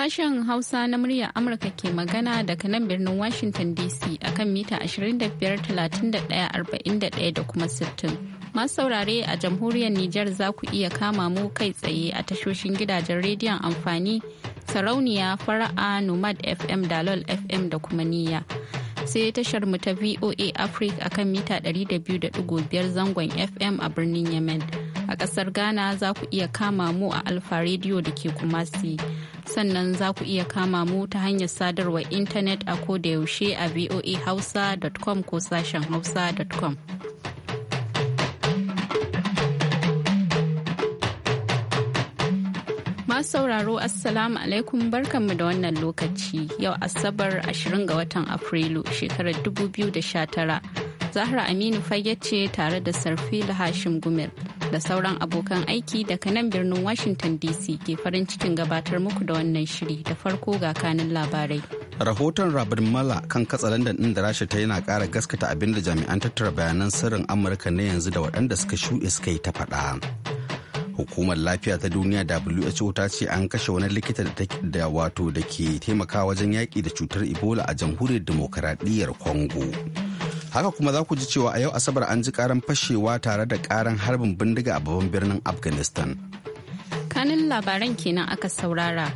Sashen Hausa na murya Amurka ke magana daga nan birnin Washington DC akan mita 25-31-41 da kuma 60. Masu saurare a jamhuriyar Nijar za ku iya kama mu kai tsaye a tashoshin gidajen rediyon amfani sarauniya fara'a Nomad FM Dalol FM da kuma niyya. sai tashar mu ta VOA Africa akan mita 200.5 zangon FM a birnin Yemen. a ƙasar Ghana za ku iya kama mu a Alfa Radio da ke Kumasi. Sannan za ku iya kama mu ta hanyar sadarwar intanet a kodayaushe a voahausa.com ko sashen hausa.com. sauraro assalamu alaikum barkanmu da wannan lokaci yau asabar 20 ga watan afrilu shekarar 2019 zahra aminu fage ce tare da sarfila hashim gumel da sauran abokan aiki daga nan birnin Washington DC ke farin cikin gabatar muku da wannan shiri da farko ga kanin labarai. Rahoton rabin Mala kan katsalandan din da Rasha ta yana kara gaskata abin da jami'an tattara bayanan sirrin Amurka na yanzu da waɗanda suka shuɗe suka yi ta faɗa. Hukumar lafiya ta duniya WHO ta ce an kashe wani likita da wato da ke taimaka wajen yaƙi da cutar Ebola a jamhuriyar demokaradiyyar Congo. haka kuma za ku ji cewa a yau asabar an ji karan fashewa tare da karan harbin bindiga a babban birnin afghanistan kanin labaran kenan aka saurara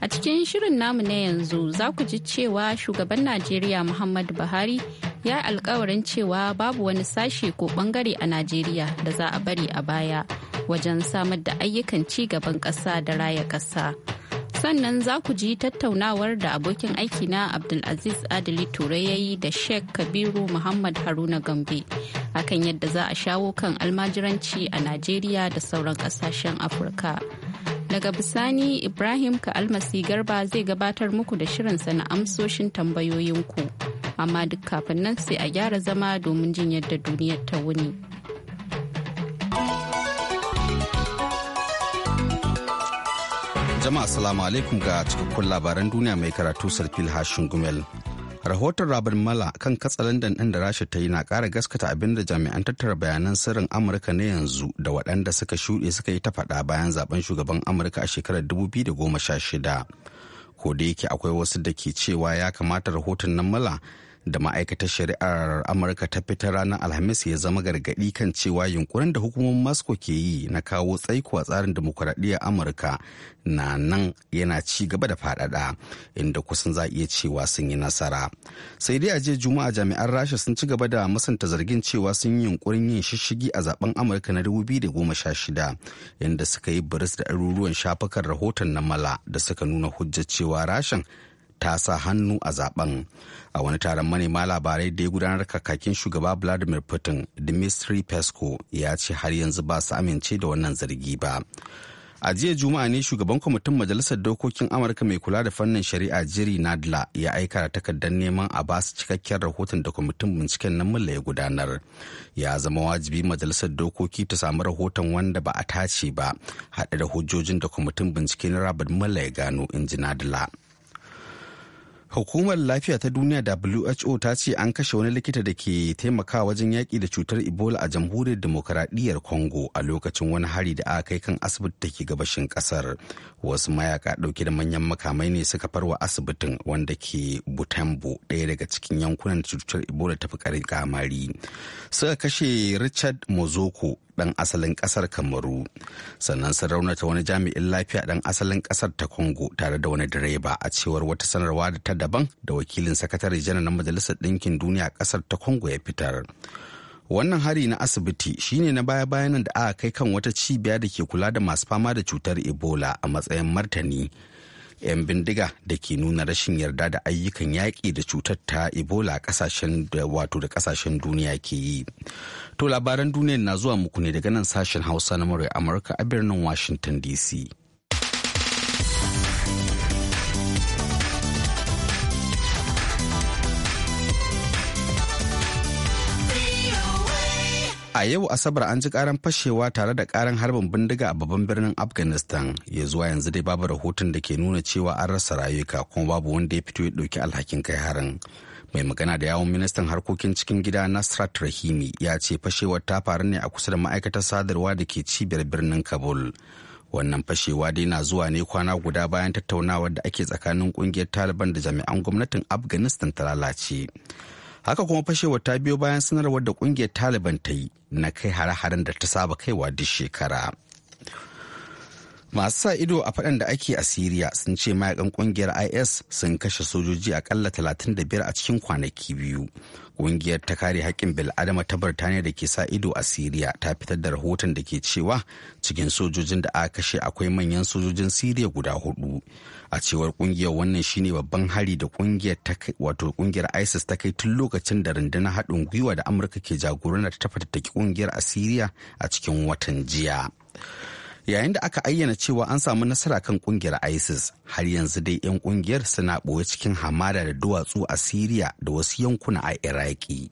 a cikin shirin namu na yanzu za ku ji cewa shugaban najeriya muhammadu buhari ya alkawarin cewa babu wani sashe ko bangare a najeriya da za a bari a baya wajen samar da ayyukan ci gaban ƙasa da raya ƙasa. sannan za ku ji tattaunawar da abokin aikina na abdulaziz adili ture ya da sheikh kabiru muhammad haruna gambe akan yadda za a shawo kan almajiranci a najeriya da sauran kasashen afirka daga bisani ibrahim ka almasi garba zai gabatar muku da shirinsa na amsoshin tambayoyinku amma duk kafin nan sai a gyara zama domin jin yadda duniyar ta wuni. Jama'a salamu alaikum ga cikakkun labaran duniya mai karatu Sarfil Hashin Gumel. Rahoton Rabin Mala kan katsalandan ɗin da Rasha ta yi na kara gaskata abin da jami'an tattara bayanan sirrin Amurka na yanzu da waɗanda suka shuɗe suka yi ta faɗa bayan zaben shugaban Amurka a shekarar 2016. Ko da yake akwai wasu da ke cewa ya kamata rahoton nan Mala da ma'aikatar shari'ar amurka ta fitar ranar alhamis ya zama gargaɗi kan cewa yunkurin da hukumomin moscow ke yi na kawo tsaiko a tsarin demokuraɗiyyar amurka na nan yana ci gaba da faɗaɗa inda kusan za iya cewa sun yi nasara sai dai a jiya juma'a jami'an rasha sun ci gaba da musanta zargin cewa sun yi yunkurin yin shishigi a zaben amurka na dubu biyu da goma sha shida, inda suka yi biris da ɗaruruwan shafukan rahoton na mala da suka nuna hujjar cewa rashin ta sa hannu a zaben a wani taron manema labarai da ya gudanar kakakin shugaba vladimir putin dmitry pesco ya ce har yanzu ba su amince da wannan zargi ba a jiya juma'a ne shugaban kwamitin majalisar dokokin amurka mai kula da fannin shari'a jiri nadla ya aika da takardar neman a basu cikakken rahoton da kwamitin binciken nan mulla ya gudanar ya zama wajibi majalisar dokoki ta samu rahoton wanda ba a tace ba haɗe da hujjojin da kwamitin bincike binciken rabin mulla ya gano in ji nadla Hukumar Lafiya ta Duniya WHO ta ce an kashe wani likita da ke taimakawa wajen yaƙi da cutar Ebola a jamhuriyar demokaradiyyar Congo a lokacin wani hari da aka kai kan asibiti da ke gabashin ƙasar. Wasu mayaka ɗauke da manyan makamai ne suka farwa asibitin wanda ke Butembo ɗaya daga cikin yankunan cutar Ebola ta fi kamari. Suka kashe Richard Mozoko ɗan asalin ƙasar kamaru sannan sun raunata wani jami'in lafiya ɗan asalin ƙasar ta congo tare da wani direba a cewar wata sanarwa da ta daban da wakilin sakatare janar na majalisar ɗinkin duniya ƙasar ta congo ya fitar wannan hari na asibiti shine na baya bayanan da aka kai kan wata cibiya da ke kula da masu fama da cutar ebola a matsayin martani 'yan bindiga da ke nuna rashin yarda da ayyukan yaƙi da cutar ta ebola kasashen da wato da kasashen duniya ke yi to labaran duniyar na zuwa muku ne daga nan sashen hausa na murar amurka a birnin washington dc a yau asabar an ji karan fashewa tare da karan harbin bindiga a babban birnin afghanistan ya zuwa yanzu dai babu rahoton da ke nuna cewa an rasa rayuka kuma babu wanda ya fito ya ɗauki alhakin kai harin mai magana da yawon ministan harkokin cikin gida nasrat rahimi ya ce fashewar ta faru ne a kusa da ma'aikatar sadarwa da ke cibiyar birnin kabul wannan fashewa dai na zuwa ne kwana guda bayan tattaunawar da ake tsakanin kungiyar taliban da jami'an gwamnatin afghanistan ta lalace haka kuma fashewar ta biyo bayan sanarwar da kungiyar taliban ta yi na kai hare-haren da ta saba kaiwa duk shekara masu sa ido a faɗan da ake a siriya sun ce mayakan kungiyar is sun kashe sojoji akalla 35 a cikin kwanaki biyu Ƙungiyar ta kare haƙƙin bil'adama ta Birtaniya da ke sa ido a Siriya ta fitar da rahoton da ke cewa cikin sojojin da aka kashe akwai manyan sojojin Siriya guda hudu. A cewar ƙungiyar wannan shine babban hari da kungiyar wato ƙungiyar ISIS ta kai tun lokacin da rundunar haɗin gwiwa da Amurka ke jagorantar ta fatattaki ƙungiyar a Siriya a cikin watan jiya. yayin da aka ayyana cewa an samu nasara kan kungiyar isis har yanzu dai 'yan kungiyar suna ɓoye cikin hamada da duwatsu a siriya da wasu yankuna a iraki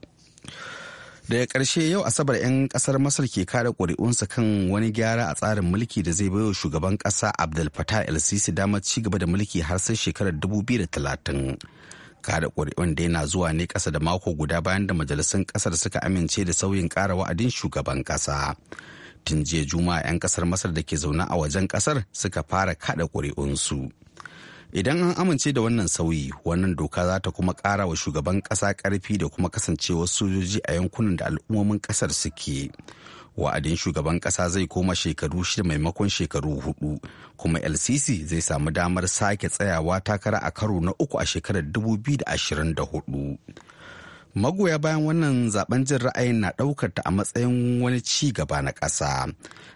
daga ƙarshe yau asabar 'yan ƙasar masar ke kare ƙuri'unsa kan wani gyara a tsarin mulki da zai baiwa shugaban ƙasa abdul fatah el sisi damar ci gaba da mulki har sai shekarar 2030 kare kuri'un da yana zuwa ne ƙasa da mako guda bayan da majalisun ƙasar suka amince da sauyin ƙara wa'adin shugaban ƙasa. tun jiya juma'a 'yan kasar masar da ke zaune a wajen kasar suka fara kada ƙuri'unsu idan an amince da wannan sauyi wannan doka za ta kuma ƙara wa shugaban ƙasa ƙarfi da kuma kasancewar sojoji a yankunan da al'ummomin ƙasar suke wa'adin shugaban ƙasa zai koma shekaru shida maimakon shekaru hudu kuma lcc zai samu damar sake tsayawa takara a karo na uku a shekarar 2024 magoya bayan wannan zaben jin ra'ayin na ɗaukar ta a matsayin wani ci gaba na ƙasa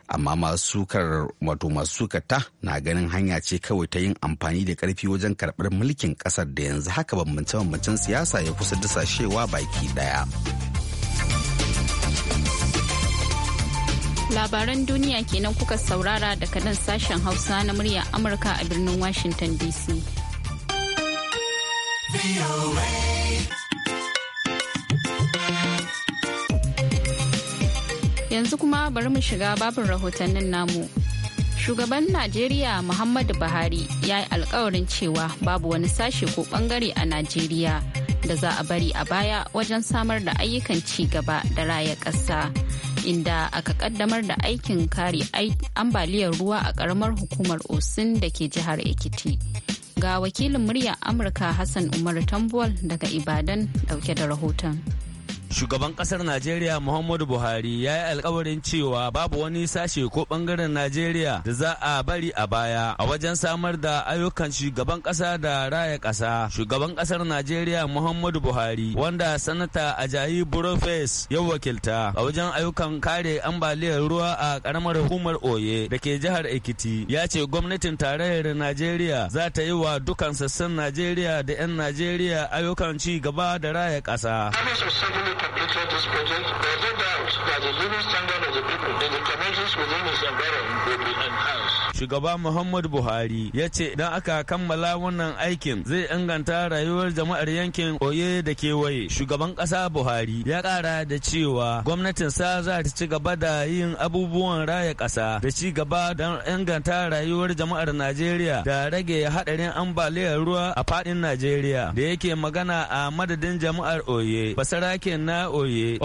amma masu sukar wato masu sukata na ganin hanya ce kawai ta yin amfani da ƙarfi wajen karɓar mulkin ƙasar da yanzu haka bambance-bambancen siyasa ya kusa dasashewa baki ɗaya. labaran duniya kenan kuka saurara daga nan sashen hausa na murya amurka a birnin washington dc. Yanzu kuma bari mu shiga babin rahotannin namu. Shugaban Najeriya Muhammadu Buhari ya yi alkawarin cewa babu wani sashe ko bangare a Najeriya da za a bari a baya wajen samar da ayyukan ci gaba da raya ƙasa. Inda aka kaddamar da aikin kare ambaliyar ruwa a ƙaramar hukumar Osun da ke jihar Ekiti. Ga wakilin muryar Amurka Hassan Umar Tambuwal daga Ibadan dauke da rahoton. Shugaban ƙasar Najeriya Muhammadu Buhari ya yi alkawarin cewa babu wani sashe ko bangaren Najeriya da za a bari a baya a wajen samar da ayyukan shugaban ƙasa da raya ƙasa, Shugaban ƙasar Najeriya Muhammadu Buhari wanda sanata Ajayi Burofes ya wakilta a wajen ayyukan kare ambaliyar ruwa a karamar hukumar Oye da ke jihar Ekiti ya ce gwamnatin tarayyar Najeriya za ta yi wa dukkan sassan Najeriya da 'yan Najeriya ayyukan ci gaba da raya ƙasa. completed this project, there is no doubt that the living standard of the people in the communities within this environment will be enhanced. shugaba Muhammadu Buhari ya ce idan aka kammala wannan aikin zai inganta rayuwar jama'ar yankin Oye da kewaye. Shugaban ƙasa Buhari ya ƙara da cewa gwamnatinsa za ta ci gaba da yin abubuwan raya ƙasa da ci gaba don inganta rayuwar jama'ar Najeriya da rage haɗarin ambaliyar ruwa a faɗin Najeriya da yake magana a madadin jama'ar Oye, Basarake na Oye,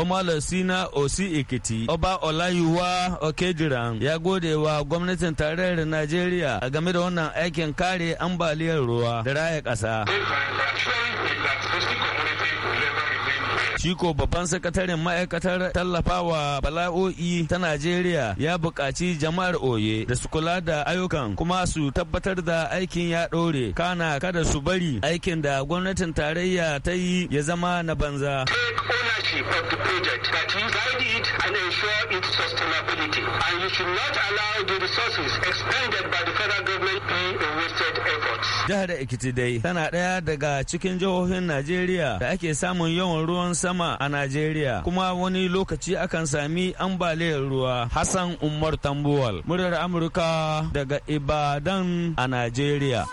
na Osi Ikiti, Oba Olayuwa Okejiran ya gode wa gwamnatin tarayyar gwamnatin Najeriya a game da wannan aikin kare ambaliyar ruwa da raya ƙasa. Shi babban sakataren ma'aikatar tallafawa bala'o'i ta Najeriya ya buƙaci jama'ar Oye da su kula da ayyukan kuma su tabbatar da aikin ya ɗore kana kada su bari aikin da gwamnatin tarayya ta yi ya zama na banza. And you should not allow the resources by the federal government be wasted Jihar Ekiti dai tana ɗaya daga cikin jihohin Najeriya da ake samun yawan ruwan sama sama a Najeriya kuma wani lokaci akan sami ambaliyar ruwa. Hassan Umar Tambuwal, muryar Amurka daga Ibadan a Najeriya.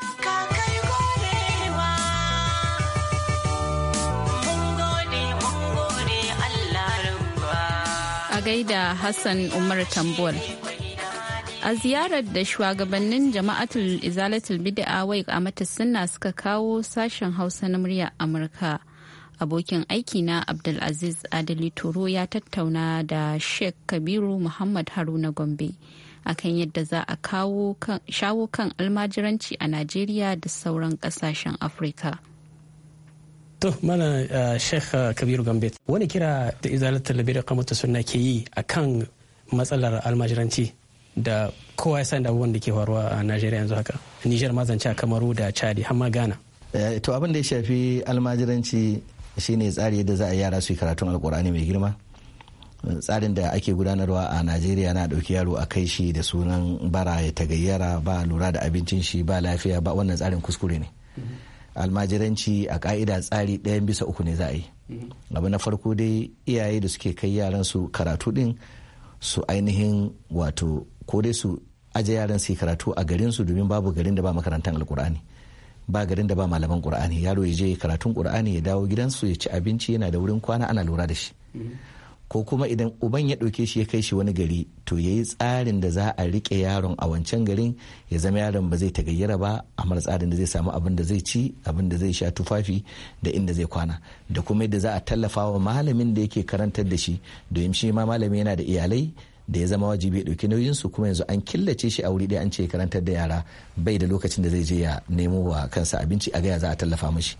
A gaida Hassan Umar Tambuwal. a ziyarar da shugabannin jama'atul izalatul bid'a wai a mata suka kawo sashen hausa na murya amurka abokin aiki na abdulaziz adali toro ya tattauna da sheikh kabiru muhammad haruna gombe akan yadda za a shawo kan almajiranci a najeriya da sauran kasashen afirka to mana sheikh kabiru gombe wani kira da izalar talabi da kamata suna ke yi a kan matsalar almajiranci da kowa ya san da abubuwan da ke faruwa a najeriya yanzu haka nijar mazanci kamaru da chadi har ma ghana eh, to abin da ya shafi almajiranci shine tsari yadda za a yara su yi karatun alkur'ani mai girma tsarin da ake gudanarwa a najeriya na dauki yaro a kai shi da sunan bara ya tagayyara ba lura da abincin shi ba lafiya ba wannan tsarin kuskure ne almajiranci a ka'ida tsari ɗayan bisa uku ne za a yi abu na farko dai iyaye da suke kai yaran su karatu din su ainihin wato ko dai su aje yaran su karatu a garin su domin babu garin da ba makarantar alkur'ani ba garin da ba malaman qur'ani yaro ya je karatun qur'ani ya dawo gidansu ya ci abinci yana da wurin kwana ana lura da shi mm-hmm. ko kuma idan uban ya ɗauke shi ya kai shi wani gari to ya yi tsarin da za a riƙe yaron a wancan garin ya zama yaron ba zai tagayyara ba a mara tsarin da zai samu abin da zai ci abin da zai sha tufafi da inda zai kwana da kuma yadda za a tallafa wa malamin da yake karantar da shi domin shi ma malami yana da iyalai da ya zama wajibi ya ɗauki nauyinsu kuma yanzu an killace shi a wuri ɗaya an ce karantar da yara bai da lokacin da zai je ya nemo wa kansa abinci a gaya za a tallafa mashi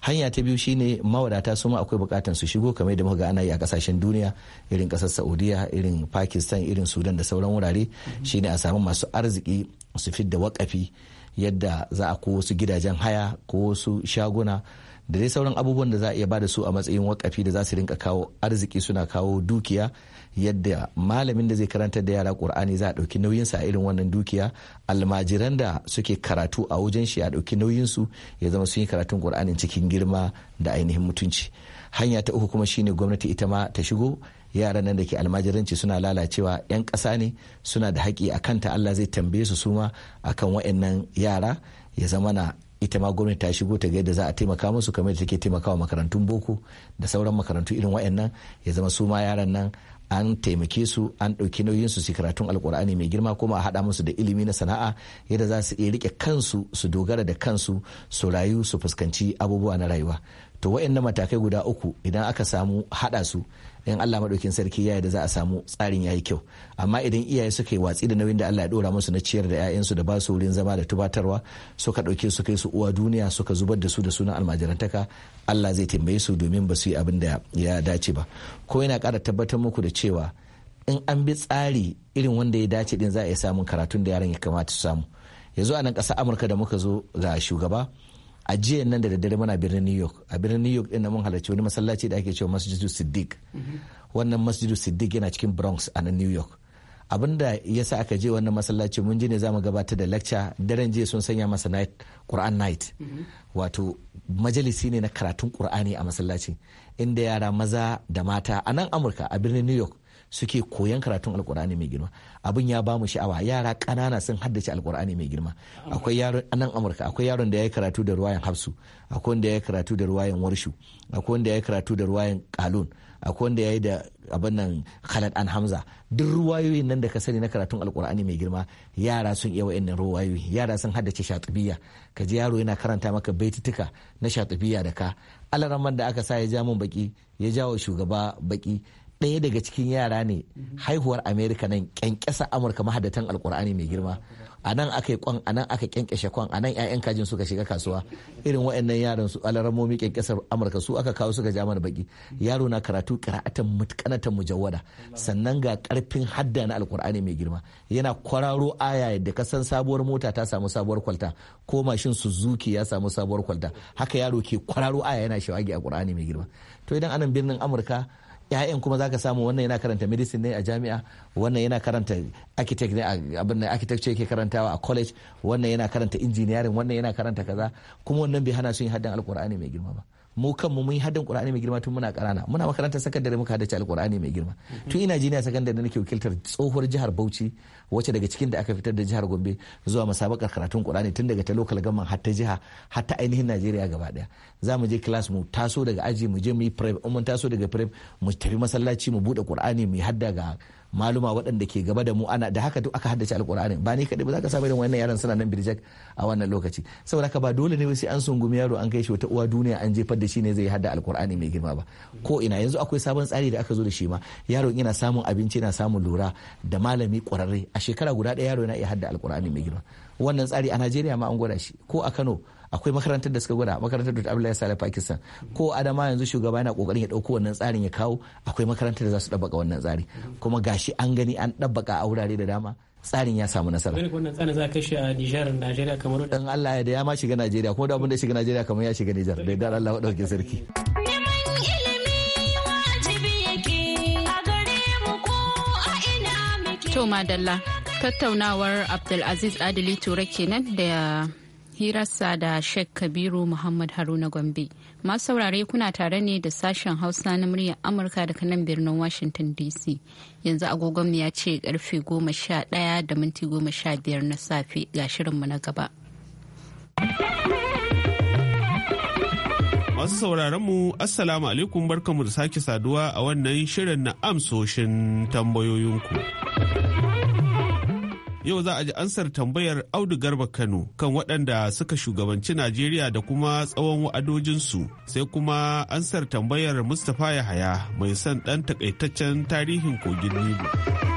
hanya ta biyu shine mawadata su ma akwai bukatan su shigo kamar da muka ga ana yi a kasashen duniya irin kasar saudiya irin pakistan irin sudan da sauran wurare shine a samu masu arziki su fidda wakafi yadda za a ko wasu gidajen haya ko wasu shaguna da dai sauran abubuwan da za a iya bada su a matsayin wakafi da za su rinka kawo arziki suna kawo dukiya yadda malamin da zai karanta da yara qur'ani za a ɗauki nauyinsa a irin wannan dukiya almajiran da suke karatu a wajen shi a ɗauki nauyinsu ya zama sun yi karatun qur'anin cikin girma da ainihin mutunci hanya ta uku kuma shine gwamnati ita ma ta shigo yaran nan da ke almajiranci suna lalacewa 'yan ƙasa ne suna da haƙƙi a kanta allah zai tambaye su suma akan wa'annan yara ya zama na ita ma gwamnati ta shigo ta ga za a taimaka musu kamar da take taimakawa makarantun boko da sauran makarantu irin wa'annan ya zama suma yaran nan an taimake su an ɗauki nauyin su su karatun alkur'ani mai girma kuma a haɗa musu da ilimi na sana'a yadda za su iya rike kansu su dogara da kansu su rayu su fuskanci abubuwa na rayuwa to waɗannan matakai guda uku idan aka samu haɗa su in Allah maɗaukin sarki ya da za a samu tsarin yi kyau amma idan iyaye suka yi watsi da nauyin da Allah ya ɗora musu na ciyar da 'ya'yansu da ba su wurin zama da tubatarwa suka ɗauke su kai su uwa duniya suka zubar da su da sunan almajirantaka Allah zai tambaye su domin ba su yi abin da ya dace ba ko yana ƙara tabbatar muku da cewa in an bi tsari irin wanda ya dace din za a iya samun karatun da yaran ya kamata su samu yanzu a nan ƙasar amurka da muka zo ga shugaba a jiya nan da daddare muna birnin new york a birnin new york din mun halarci wani masallaci da ake cewa masjidu siddiq wannan masjidu siddiq yana cikin bronx a nan new york abinda ya sa aka je wannan masallaci mun ji ne za mu gabatar da lecture daren jiya sun sanya masa night quran night wato majalisi ne na karatun qur'ani a masallaci inda yara maza da mata a nan amurka a birnin new york suke koyan karatun alkur'ani mai girma abin ya bamu sha'awa yara ƙanana sun haddace alkur'ani mai girma akwai yaron nan amurka akwai yaron da ya karatu da ruwayan hafsu akwai wanda ya karatu da ruwayan warshu akwai wanda ya karatu da ruwayan kalun akwai wanda ya yi da abin nan khalad an hamza duk ruwayoyin nan da ka sani na karatun alkur'ani mai girma yara sun iya wa'annan ruwayoyi yara sun haddace shatubiya ka ji yaro yana karanta maka baitutuka na shatubiya da ka alaraman da aka sa ya ja mun baki ya jawo shugaba baki ɗaya daga cikin yara ne haihuwar amerika nan kyankyasa amurka mahadatan alkur'ani mai girma a nan aka yi kwan a nan aka kyankyashe kwan a nan 'ya'yan kajin suka shiga kasuwa irin wa'annan yaran su alaramomi kyankyasar amurka su aka kawo suka ja mana baki yaro na karatu kira'atan mutkanatan mujawwada sannan ga karfin hadda na alkur'ani mai girma yana kwararo aya yadda ka san sabuwar mota ta samu sabuwar kwalta ko mashin suzuki ya samu sabuwar kwalta haka yaro ke kwararo aya yana shawagi a kur'ani mai girma to idan anan birnin amurka 'ya'yan kuma za ka samu wannan yana karanta medicine ne a jami'a wannan yana karanta architect ne abin architecture yake karantawa a college wannan yana karanta engineering wannan yana karanta kaza kuma wannan bai hana su yin haddan alkur'ani mai girma ba mu kanmu mun yi hadin qur'ani mai girma tun muna ƙarana muna makarantar sakandare muka hadace alqur'ani mai girma tun ina jiniya sakandare nake wakiltar tsohuwar jihar Bauchi wacce daga cikin da aka fitar da jihar Gombe zuwa musabakar karatun qur'ani tun daga ta local government har ta jiha har ta ainihin Najeriya gaba daya za mu je class mu taso daga aji mu je mu yi prep mun taso daga prep mu tafi masallaci mu buɗe qur'ani mu hadda ga maluma waɗanda ke gaba da mu ana da haka duk aka haddace alkur'ani ba ni kaɗai ba za ka samu irin wannan yaran suna nan birjak a wannan lokaci saboda haka ba dole ne sai an sungumi yaro an kai shi wata uwa duniya an jefar da shi ne zai hadda alƙur'ani mai girma ba ko ina yanzu akwai sabon tsari da aka zo da shi ma yaro yana samun abinci yana samun lura da malami ƙwararre a shekara guda ɗaya yaro yana iya hadda alƙur'ani mai girma wannan tsari a Najeriya ma an gwada shi ko a Kano akwai makarantar da suka gwada makarantar Dr. Abdullahi Saleh Pakistan ko Adama yanzu shugaba yana kokarin ya dauko wannan tsarin ya kawo akwai makarantar da za su dabbaka wannan tsari kuma gashi an gani an dabbaka a wurare da dama tsarin ya samu nasara. Wani wannan tsarin za a kashe a Nijar, Najeriya kamar Dan Allah ya da ya ma shiga Najeriya kuma da abin da shiga Najeriya kamar ya shiga Nijar da dan Allah dauke sarki. To madalla tattaunawar Abdulaziz Adili Ture kenan da hirarsa da Sheikh Kabiru Muhammad Haruna Gombe. Masu saurare kuna tare ne da sashen Hausa na muryar Amurka daga nan birnin Washington DC. Yanzu agogon ya ce karfe goma sha ɗaya da minti goma sha biyar na safe ga shirin mu na gaba. Masu sauraron mu Assalamu alaikum barkamu da sake saduwa a wannan shirin na amsoshin tambayoyinku. yau za a ji ansar tambayar Audu Garba Kano kan waɗanda suka shugabanci Najeriya da kuma tsawon wa'adojinsu sai kuma ansar tambayar Mustapha Yahaya mai son ɗan takaitaccen tarihin kogin Nilu.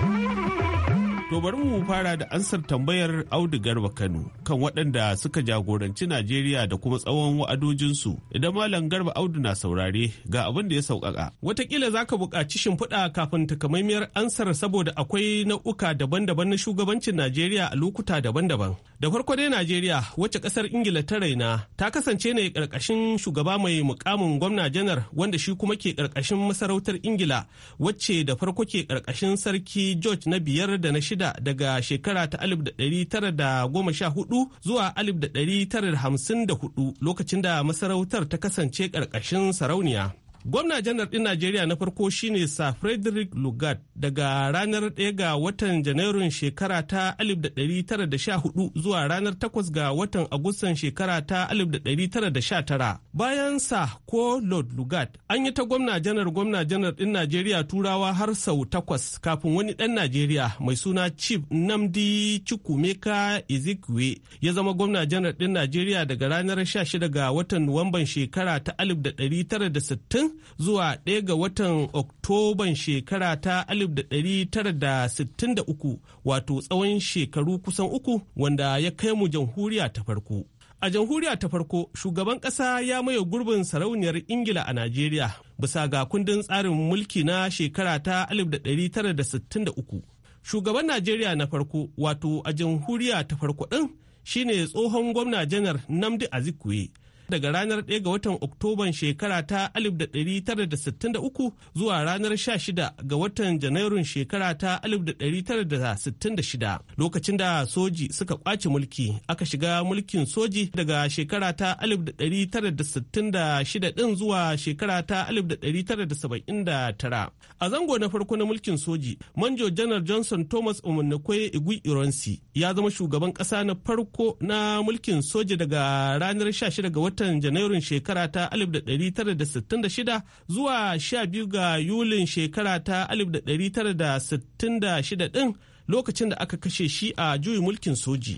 To bari mu fara da ansar tambayar Audu Garba Kano kan waɗanda suka jagoranci Najeriya da kuma tsawon wa'adojinsu. Idan Malam Garba Audu na saurare ga abin da ya sauƙaƙa. Wataƙila za ka buƙaci shimfiɗa kafin takamaimiyar ansar saboda akwai nau'uka daban-daban na shugabancin Najeriya a lokuta daban-daban. Da farko dai Najeriya wacce ƙasar Ingila ta raina ta kasance ne ƙarƙashin shugaba mai mukamin gwamna janar wanda shi kuma ke ƙarƙashin masarautar Ingila wacce da farko ke ƙarƙashin sarki George na biyar da na shida Uganda daga shekara ta alif da goma sha hudu zuwa alif da da tara hudu lokacin da masarautar ta kasance ƙarƙashin sarauniya. Gwamna janar ɗin Najeriya na farko shine Sir Frederick Lugard daga ranar 1 ga watan Janairun shekara ta 1914 zuwa ranar 8 ga watan Agustan shekara ta 1919. Bayan sa ko Lord Lugard an yi ta gwamna janar gwamna janar ɗin Najeriya turawa har sau takwas kafin wani ɗan Najeriya mai suna Chief Namdi Chukwumeka Ezekwe ya zama gwamna janar ɗin Najeriya daga ranar 16 ga watan Nuwamban shekara ta 1960 zuwa ɗaya ga watan Oktoban shekara ta 1963 wato tsawon shekaru kusan uku wanda ya kai mu jamhuriya ta farko. A jamhuriya ta farko shugaban ƙasa ya maye gurbin sarauniyar Ingila a Najeriya bisa ga kundin tsarin mulki na shekara ta 1963. Shugaban Najeriya na farko wato a jamhuriya ta farko ɗin shine tsohon gwamna janar Namdi Azikiwe. daga ranar 1 ga watan Oktoban shekara ta 1963 zuwa ranar 16 ga watan Janairun shekara ta 1966 lokacin da soji suka kwace mulki aka shiga mulkin soji daga shekara ta 1966 din zuwa shekara ta 1979 a zango na farko na mulkin soji manjo janar johnson thomas umarnikwe igui ironsi ya zama shugaban kasa na farko na mulkin soji daga ranar 16 ga watan watan janairun shekara ta 1966 zuwa 12 ga yulin shekara ta 1966 din lokacin da aka kashe shi a juyin mulkin soji.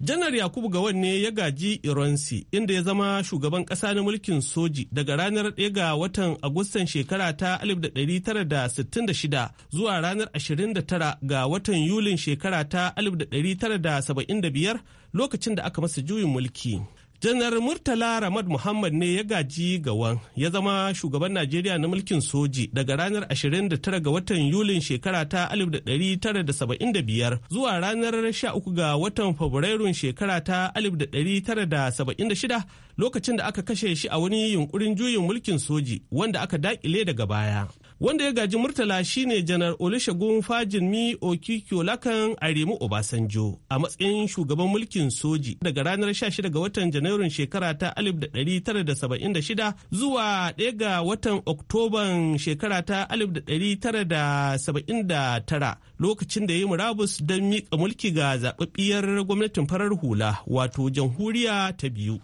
janar yakubu gawan ne ya gaji ironsi inda ya zama shugaban ƙasa na mulkin soji daga ranar 1 ga watan agustan shekara ta 1966 zuwa ranar 29 ga watan yulin shekara ta 1975 lokacin da aka masa juyin mulki janar murtala ramad muhammad ne ya gaji gawan ya zama shugaban najeriya na mulkin soji daga ranar 29 ga watan yulin shekara ta 1975 zuwa ranar 13 ga watan fabrairun shekara ta 1976 lokacin da aka kashe shi a wani yunkurin juyin mulkin soji wanda aka daƙile daga baya wanda ya gaji murtala shine janar olusegun Okiki Olakan aremu obasanjo a matsayin shugaban mulkin soji daga ranar 16 ga watan janairun shekara ta 1976 zuwa 1 ga watan oktoban shekara ta 1979 lokacin da ya yi murabus don miƙa mulki ga zaɓaɓɓiyar gwamnatin farar hula wato jamhuriya ta biyu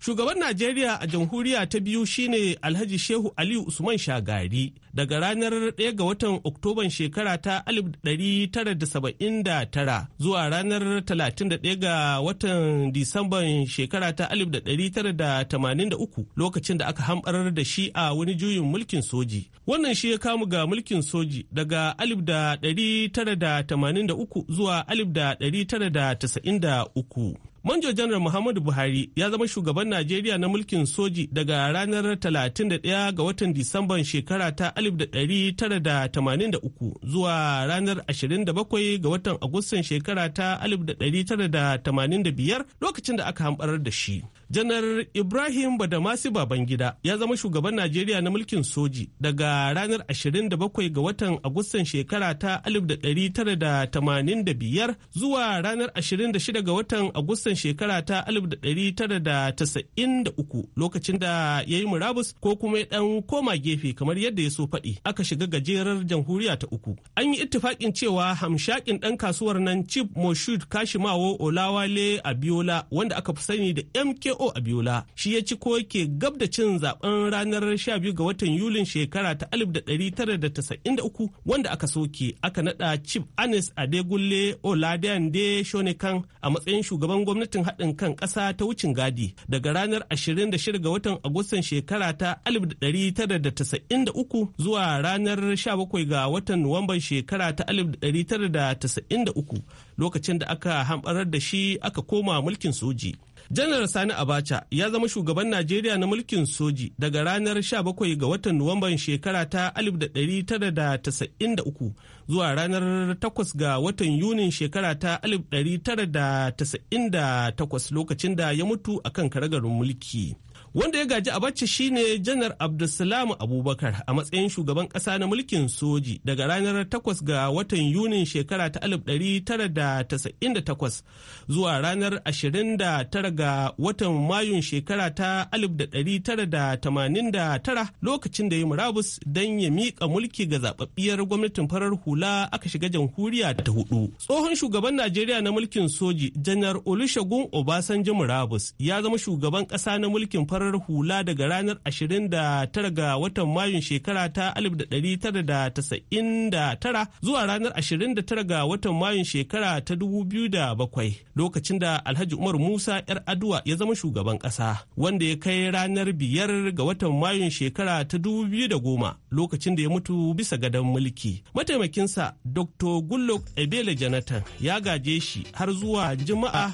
Shugaban Najeriya a jamhuriya ta biyu shine Alhaji Shehu Aliyu Usman Shagari daga ranar 1 ga watan Oktoban shekara ta 1979 zuwa ranar 31 ga watan Disamban shekara ta 1983 lokacin da aka hambarar da shi a wani juyin mulkin soji. Wannan shi ya kamu ga mulkin soji daga 1983 zuwa 1993. Manjo Janar Muhammadu Buhari ya zama shugaban Najeriya na mulkin soji daga ranar 31 ga watan Disamban shekara ta 1983 zuwa ranar 27 ga watan Agustan shekara ta 1985 lokacin da aka hambarar da shi. janar ibrahim badamasi babangida ya zama shugaban najeriya na mulkin soji daga ranar 27 ga watan agustan shekara ta 1985 zuwa ranar 26 ga watan agustan shekara ta 1993 lokacin da ya yi murabus ko kuma ya dan koma gefe kamar yadda ya so faɗi aka shiga gajerar jamhuriya ta uku an yi ittifakin cewa hamshakin ɗan kasuwar nan chief moshood kashimawo olawale abiola wanda aka fi sani da mko o abiola shi ya ci ko yake gab da cin zaben ranar 12 ga watan yulin shekara ta 1993 wanda aka soke aka nada chief anis adegulle oladeyande shonekan a matsayin shugaban gwamnatin haɗin kan ƙasa ta wucin gadi daga ranar 26 ga watan agustan shekara ta 1993 zuwa ranar 17 ga watan nuwamban shekara ta 1993 lokacin da aka hamɓarar da shi aka koma mulkin soji janar sani abacha ya zama shugaban najeriya na mulkin soji daga ranar 17 ga watan nuwamban shekara ta 1993 zuwa ranar 8 ga watan yunin shekara ta 1998 lokacin da ya mutu a kan karagarin mulki wanda ya gaji abacha shine janar abdulsalam abubakar a matsayin shugaban kasa na mulkin soji daga ranar 8 ga watan yunin shekara ta 1998 zuwa ranar 29 ga watan Mayun shekara ta 1989 lokacin da ya murabus don ya miƙa mulki ga zababbiyar gwamnatin farar hula aka shiga jamhuriya ta hudu. Tsohon shugaban Najeriya na mulkin soji janar Olusegun Obasanjo murabus ya zama shugaban ƙasa na mulkin farar hula daga ranar 29 ga watan Mayun shekara ta 1999 zuwa ranar 29 ga watan Mayun shekara ta 2007 lokacin da Alhaji Umar Musa 'yar Yar'adua ya zama shugaban ƙasa wanda ya kai ranar biyar ga watan Mayun shekara ta da goma lokacin da ya mutu bisa gadon mulki. Mataimakinsa Dr. gullok Ebele Jonathan ya gaje shi har zuwa Juma'a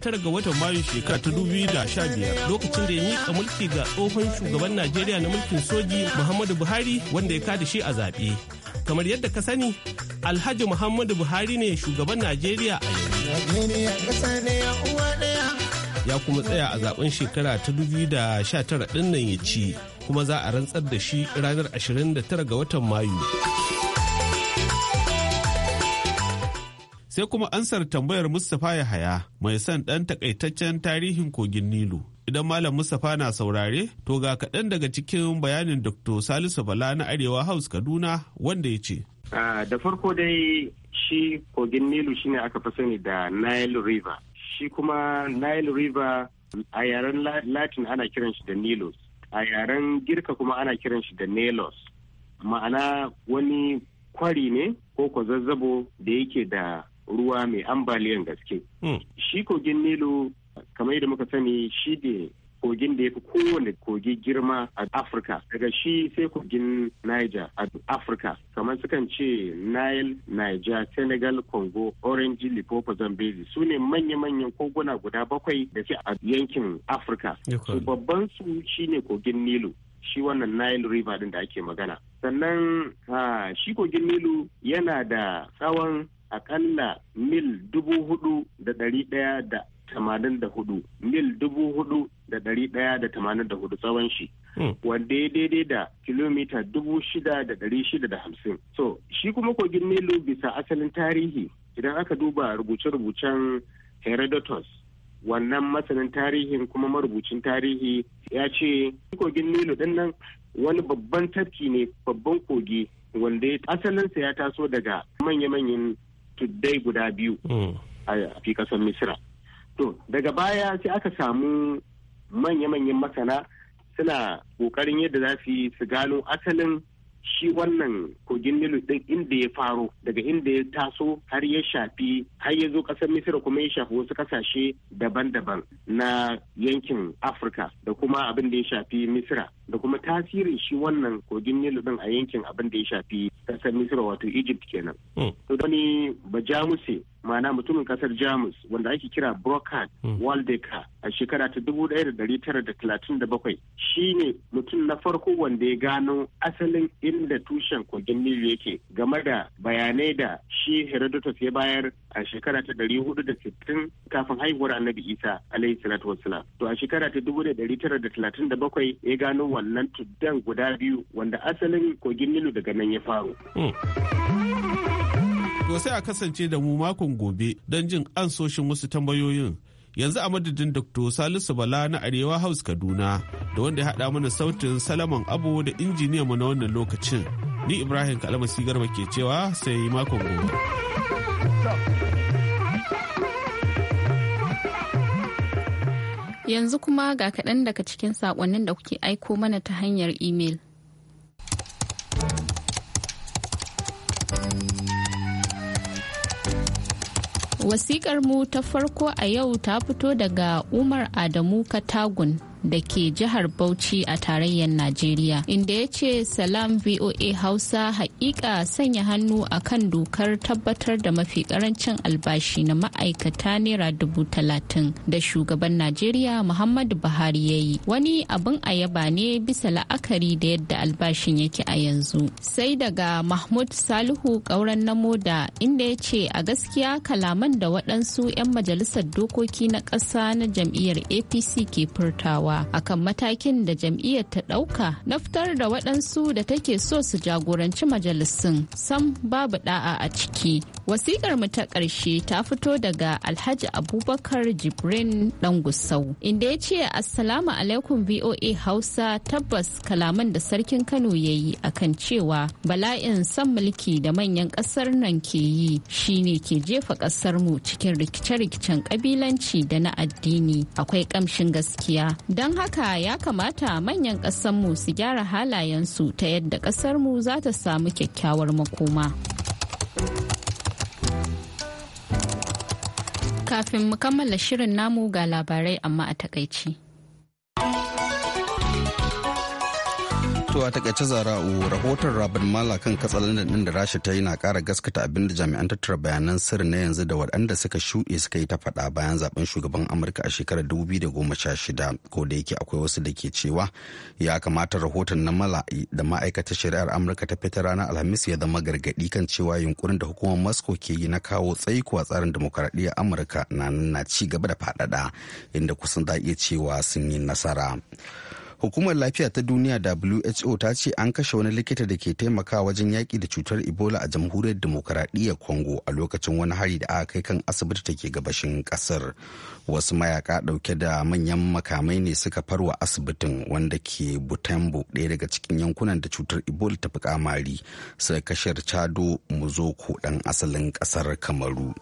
tara ga watan Mayun shekara ta da sha biyar. lokacin da ya miƙa mulki ga tsohon shugaban Najeriya na mulkin soji Muhammadu Buhari wanda ya kada shi a zaɓe. Kamar yadda ka sani, Alhaji Muhammadu Buhari ne shugaban Najeriya a yau. ya kuma tsaya a zaben shekara ta 2019 din nan ya ci kuma za a rantsar da shi ranar 29 ga watan mayu sai kuma ansar tambayar mustapha haya mai son dan takaitaccen tarihin kogin nilu idan malam mustapha na saurare to ga kaɗan daga cikin bayanin dr salisu bala na arewa house kaduna wanda ya ce ah, da farko dai shi kogin nilu shine aka fi sani da nile river shi kuma nile river a yaren latin ana kiran shi da nilos a yaren girka kuma ana kiran shi da nelos ma'ana wani kwari ne ko kwazazzabo da yake da ruwa mai ambaliyan gaske hmm. shi kogin nilo kamar yadda muka sani shi ne kogin da ya fi kowane kogi girma a Afirka daga shi sai kogin Niger a Afirka kamar sukan ce Nile, Niger, Senegal, Congo, Orange, Lipopo, Zambezi su ne manya-manyan koguna guda bakwai da ke a yankin Afirka. su babban su shine kogin Nilu. shi wannan Nile River din da ake magana. Sannan ha shi kogin Nilu yana da tsawon akalla mil dubu hudu da dari daya da tamanin mil dubu hudu tsawon shi hmm. wanda ya daidai da kilomita dubu shida da hamsin so shi kuma kogin nilo bisa asalin tarihi idan aka duba rubuce-rubucen herodotus wannan masanin tarihin kuma marubucin tarihi ya ce kogin nilo dinnan wani babban tafki ne babban kogi wanda ya asalinsa ya taso daga manya-manyan tuddai guda biyu hmm. a fi kasar misira to daga baya sai aka samu manya-manyan masana suna ƙoƙarin yadda za su yi su gano asalin shi wannan kogin nilu din inda ya faro daga inda ya taso har ya shafi har ya zo kasar misira kuma ya shafi wasu kasashe daban-daban na yankin afirka da kuma abin da ya shafi misira da kuma tasirin shi wannan kogin nilu din a yankin abin da ya shafi kasar misira wato egypt kenan hmm. to wani bajamuse ma'ana mutumin kasar jamus wanda ake kira brokat hmm. waldeka a shekara ta 1937 ne mutum na farko wanda ya gano asalin inda tushen kogin nilu yake game da bayanai da shi herodotus ya bayar a shekara ta 460 kafin haihuwar annabi isa alaihi salatu to a shekara ta 1937 ya gano wannan tuddan guda biyu wanda asalin kogin nilu daga nan ya faru. Hmm. To sai a kasance da mu makon gobe don jin ansoshin wasu tambayoyin. Yanzu a madadin Dr. Salisu Bala na Arewa House Kaduna da wanda ya haɗa mana sautin Salaman Abo da mu na wannan lokacin. Ni Ibrahim Kalama Sigarba ke cewa sai makon gobe. Yanzu kuma ga kaɗan daga cikin saƙonnin da kuke aiko mana ta hanyar imel. Wasiƙar mu ta farko a yau ta fito daga Umar Adamu Katagun da ke jihar Bauchi a tarayyar Najeriya inda ya ce salam VOA Hausa haƙiƙa sanya hannu a kan dokar tabbatar da mafi ƙarancin albashi na ma'aikata naira dubu talatin da shugaban Najeriya Muhammadu Buhari ya yi wani abin ayaba ne bisa la'akari da yadda albashin yake a yanzu. Sai daga Mahmud Salihu ƙauren na Moda inda ya ce a gaskiya kalaman da waɗansu 'yan majalisar dokoki na ƙasa na jam'iyyar APC ke furtawa. kokawa akan matakin da jam'iyyar ta ɗauka na fitar da waɗansu da take so su jagoranci majalisun sam babu ɗa'a a ciki. Wasikar mu ta ƙarshe ta fito daga Alhaji Abubakar Jibrin ɗan Gusau inda ya ce Assalamu alaikum VOA Hausa tabbas kalaman da sarkin Kano ya yi akan cewa bala'in san mulki da manyan ƙasar nan ke yi shine ke jefa ƙasar mu cikin rikice-rikicen ƙabilanci da na addini akwai ƙamshin gaskiya Don haka ya kamata manyan ƙasarmu su gyara halayensu ta yadda ƙasarmu za ta samu kyakkyawar makoma. Kafin mu kammala shirin namu ga labarai amma a takaici. To a takaice zara'u rahoton Rabin Mala kan katsalandan din da Rasha ta yi na kara gaskata abin da jami'an tattara bayanan sirri na yanzu da waɗanda suka shuɗe suka yi ta faɗa bayan zaben shugaban Amurka a shekarar 2016 ko da yake akwai wasu da ke cewa ya kamata rahoton na Mala da ma'aikatar shari'ar Amurka ta fita ranar Alhamis ya zama gargaɗi kan cewa yunkurin da hukumar Moscow ke yi na kawo tsaiko a tsarin demokaradiyyar Amurka na nan na ci gaba da faɗaɗa inda kusan za iya cewa sun yi nasara. Hukumar lafiya ta duniya WHO ta ce an kashe wani likita da ke taimaka wajen yaƙi da cutar Ebola a jamhuriyar demokaradiyyar Congo a lokacin wani hari da aka kai kan asibiti da ke gabashin ƙasar. Wasu mayaka ɗauke da manyan makamai ne suka farwa asibitin wanda ke Butembo ɗaya daga cikin yankunan da cutar Ebola ta fi kamari sai kashe Chado Muzoko ɗan asalin ƙasar Kamaru.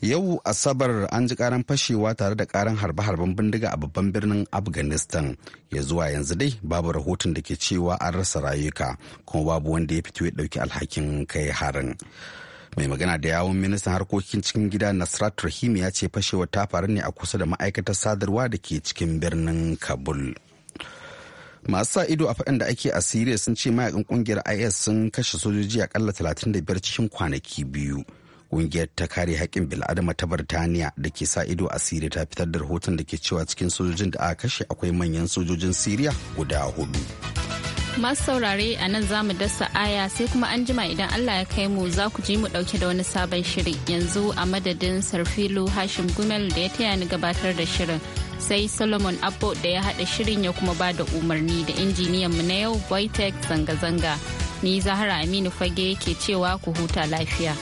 yau asabar an ji karan fashewa tare da karan harbe-harben bindiga a babban birnin afghanistan ya zuwa yanzu dai babu rahoton da ke cewa an rasa rayuka kuma babu wanda ya fito ya dauki alhakin kai harin mai magana da yawon ministan harkokin cikin gida nasrat rahim ya ce fashewa ta faru ne a kusa da ma'aikatar sadarwa da ke cikin birnin kabul masu sa ido a faɗin da ake a sun ce mayakan ƙungiyar is sun kashe sojoji akalla 35 cikin kwanaki biyu kungiyar ta kare haƙƙin bil'adama ta Birtaniya da ke sa ido a Siriya ta fitar da rahoton da ke cewa cikin sojojin da aka kashe akwai manyan sojojin Siriya guda hudu. Masu saurare a nan za mu dasa aya sai kuma an jima idan Allah ya kai mu za ku ji mu ɗauke da wani sabon shiri yanzu a madadin Sarfilu Hashim Gumel da ya taya ni gabatar da shirin sai Solomon Abbo da ya haɗa shirin ya kuma ba da umarni da injiniyan mu na yau Voitech zanga-zanga. Ni Zahara Aminu Fage ke cewa ku huta lafiya.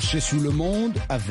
Chez sous le monde avec